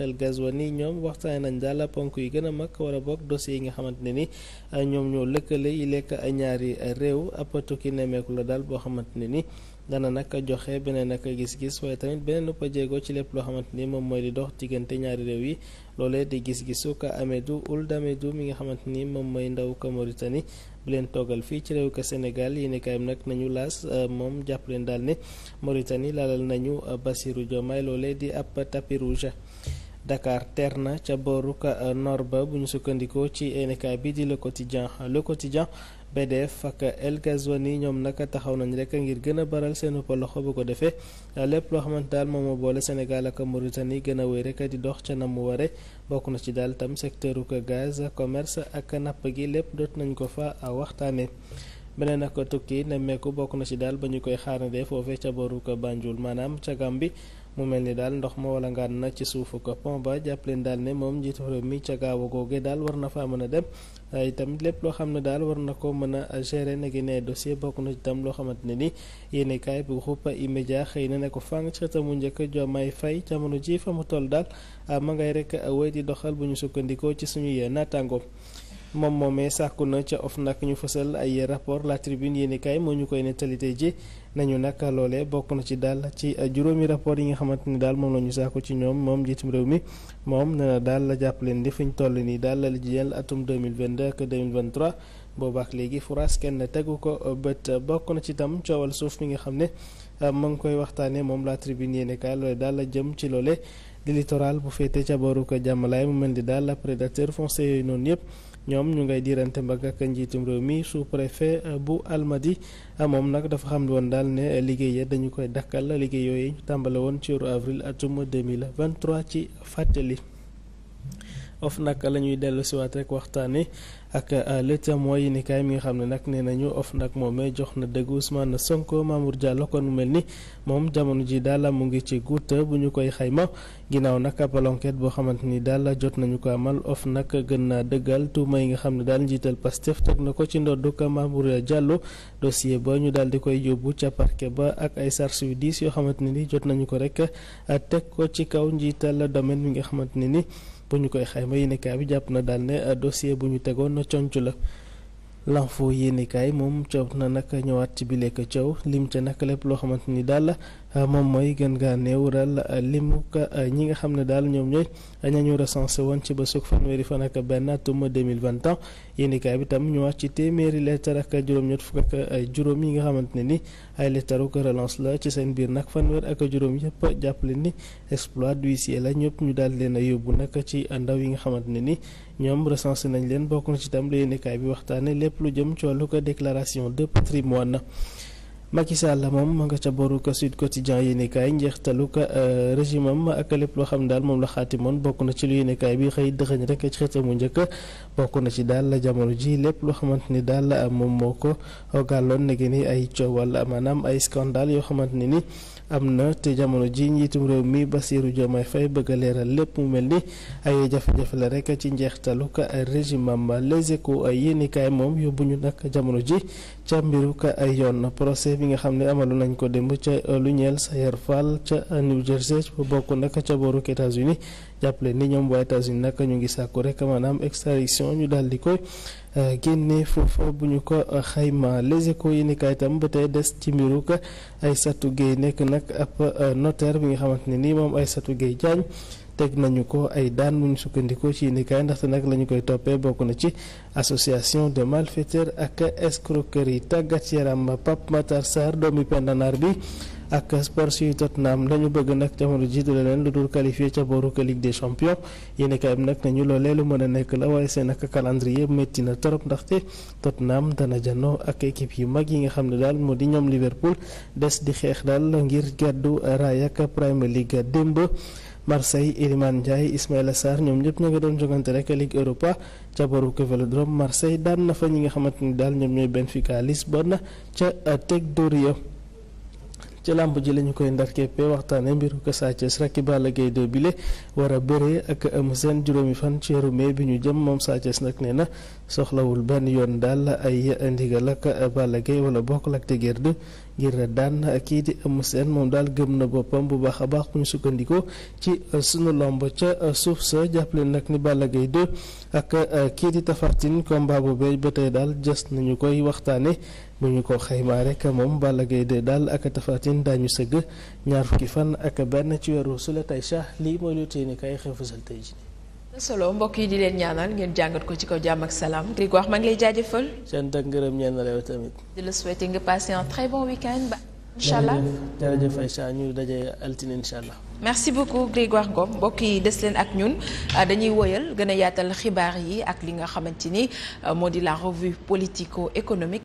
Sahel Gazwani ñoom waxtaane nañ daal ponk yi gën a mag war a bokk dossier yi nga xamante ne ni ñoom ñoo lëkkale yi lekk ay ñaari réew ab tukki nemmeeku la daal boo xamante ne ni dana nag joxe beneen nag gis-gis waaye tamit beneen nëpp jéego ci lépp loo xamante ni moom mooy di dox diggante ñaari réew yi loole di gis-gisu ka Amidou Ould Amidou mi nga xamante ni moom mooy ndaw ka Mauritanie bu leen toogal fii ci réew ka Sénégal yéeni kaayam nag nañu laas euh, moom jàpp leen daal ne Mauritanie laalal nañu euh, Bassirou Diomaye loolee di ab tapis rouge Dakar teer na ca booru euh, nord ba bu ñu sukkandikoo ci enekaay bi di Le Quotidien Le Quotidien BDF ak El Gazouani ñoom nag taxaw nañ rek ngir gën a baral seenu loxo bu ko defee euh, lépp loo xamante daal moo boole Sénégal ak Mauritanie gën a wéy rek di dox ca na mu ware bokk na ci daal tam secteur uk gaz commerce ak napp gi lépp doot nañ ko fa a euh, waxtaanee. beneen ak tukki nemmeeku bokk na ci daal ba ñu koy xaarandee foofee ca booru ko Banjul maanaam ca bi mu mel ni daal ndox ma wala ngaan na ci suufu ko pont ba jàpp leen daal ne moom njiitu réew mi ca gaaw a googe daal war na faa mën a dem itam lépp loo xam ne daal war na ko mën a gérer na gi ne dossier bokk na itam loo xamante ne ni yéen kaay bu groupe xëy na ne ko fànn ci xëtamu njëkk Diomaye Faye jamono ji fa mu toll daal ah ma ngay rek wéy di doxal bu ñu sukkandikoo ci suñuy naataangoom moom moomee sàkku na ca of nag ñu fësal ay rapport la tribune yéeni kaay moo ñu koy nettali tey ji nañu nag loolee bokk na ci daal ci juróomi rapport yi nga xamante ni daal moom la ñu sàkku ci ñoom moom njiitum réew mi moom nee daal la jàpp leen di fi ñu toll nii daal la jël atum 2022 ak 2023 boobaak léegi furaas kenn tegu ko bët bokk na ci itam coowal suuf mi nga xam ne ma ngi koy waxtaanee moom la tribune yéeni kaay loolee daal la jëm ci loole di littoral bu féete ca booru ko jàmmalaay mu mel ni daal la prédateur foncier noonu yëpp ñoom ñu ngay diirante mbagg ak njiitum réew mi su préfet euh, bu Almadi euh, moom nag dafa xam woon daal ne liggéey ya dañu koy dakkal liggéey yooyu ñu tàmbale woon ci weeru avril atum 2023 ci fàttali of nag lañuy ñuy dellu siwaat rek waxtaane ak euh, le témoin yi ni mi nga xam ne nag nee nañu of nag moomee jox na dëgg Ousmane Sonko Mamour Diallo kon mu mel ni moom jamono ji daal mu ngi ci guut bu ñu koy xayma ginnaaw nag ab boo xamante ni daal jot nañu ko amal of nag gën naa dëggal tuuma yi nga xam ne daal njiital Pastef teg na ko ci ndoddu ka Mamour Diallo dossier ba ñu daal di koy yóbbu ca parquet ba ak ay charges yu diis yoo xamante ne ni jot nañu ko rek euh, teg ko ci kaw njiital domaine bi nga xamante ne ni bu ñu koy xayma yi nekkaay bi jàpp na daal ne euh, dossier bu ñu tegoon a conc la l'info yéenekaay moom coow na nag ñëwaat ci bileek coow lim ca nag lépp loo xamante ni daal moom mooy gën gaa néewral limu ka eh, ñi nga xam ne daal ñoom ñooy ñañu recensé woon ci ba sukk fanweeri fan ak benn atum bi tam ñëwaat ci téeméeri lettre ak juróom-ñett fukk ak eh, juróom yi ne ni ay la ci seen biir nag fanweer ak juróom yëpp jàppale ni exploit d'huissier la ñëpp ñu daal leen yi nga xamante ne ni ñoom recensé bokk na ci tam la yéenekaay bi waxtaane lépp lu jëm ci wàllu ko déclaration de na Macky la moom nga ca boru ko Sud Quotidien yéenekaay njeextalu ko euh, régime am ak lépp loo xam ne daal moom la xaatimoon bokk na ci lu yéenekaay bi xëy dëxëñ rek ci xëtamu njëkk bokk na ci daal jamono ji lépp loo xamante ni daal moom moo ko gàlloon ne ni ay coowal maanaam ay scandale yoo xamante ne ni am na te jamono ji njiitum réew mi Bassirou Diomaye Faye bëgg a lépp mu mel ni ay jafe la rek ci njeextalu ko régime am Les Échos yéenekaay moom yóbbu ñu nag jamono ji ca mbiru ay yoon procès bi nga xam ne amalu nañ ko démb ca lu ñeel Sayer Fall ca New Jersey bokk nag ca booruk États-Unis jàppale ni ñoom waa États-Unis nag ñu ngi sàkku rek maanaam extradition ñu daal di koy euh, génne foofa bu ñu ko euh, xayma les échos yi ba tey des ci mbiru ay satu Gueye nekk nag ab euh, notaire bi nga xamante ne nii moom Aïssatou Gueye Diagne teg nañu ko ay daan muñ sukkandikoo ci yéenekaay ndaxte nag la koy toppee bokk na ci association de malfaiteurs ak escroquerie tàggat yaram Pape Matar Sarr doomi pendanaar bi ak sport suy Tottenham dañu bëgg nag jamono jiitu la leen lu dul qualifié ca booru ka Ligue des champions yéenekaay bi nag nañu loolee lu mën a nekk la waaye seen ak calendrier métti na torop ndaxte Tottenham dana janoo ak équipe yu mag yi nga xam ne daal moo di ñoom Liverpool des di xeex daal ngir gàddu raay ak Marseille Iliman Ndiaye Ismaïla Sarr ñoom ñëpp ña nga doon jogante rek Ligue Europa ca Boruc Vélodrome Marseille daan na fa ñi nga xamante ni daal ñoom ñooy Benfica Lisbonne ca euh, Teg Doria ci làmb ji la ñu koy ndarkeppe waxtaane mbiru ko Sa Thiès rek Balla Gaye 2 bile war a bëree ak Eumeu Sène juróomi fan ci weeru mai bi ñu jëm moom Sa Thiès nag nee na soxlawul benn yoon daal ay ndigal ak Balla wala bokk Lac de ngir daan kii di Eumeu seen moom daal gëm na boppam bu baax a baax ku ñu sukkandikoo ci sunu lomb ca suuf sa jàppale nag ni Balla Gaye 2 ak euh, kii di Tapha komba bu boobee ba tey daal jës nañu koy waxtaane bu ñu ko xaymaa rek moom Balla Gaye 2 daal ak Tapha Tine daañu sëgg ñaar fukki fann ak benn ci weeru sule tay sha lii mooy lu tey ni xew fësal tey ji solo mbokk yi di leen ñaanal ngeen jàngat ko ci kaw jàmm ak salaam Grégoire maa ngi lay jaajëfal. sant ak ngërëm ñaanal yow tamit. di la souhaiter nga passer un très bon week-end ba. incha allah jërëjëf Aïcha ñu daje altine incha allah. merci beaucoup Grégoire Ngom mbokk yi des leen ak ñun ah, dañuy woyal gën a yaatal xibaar yi ak li nga xamante ni ah, moo di la revue politico-économique.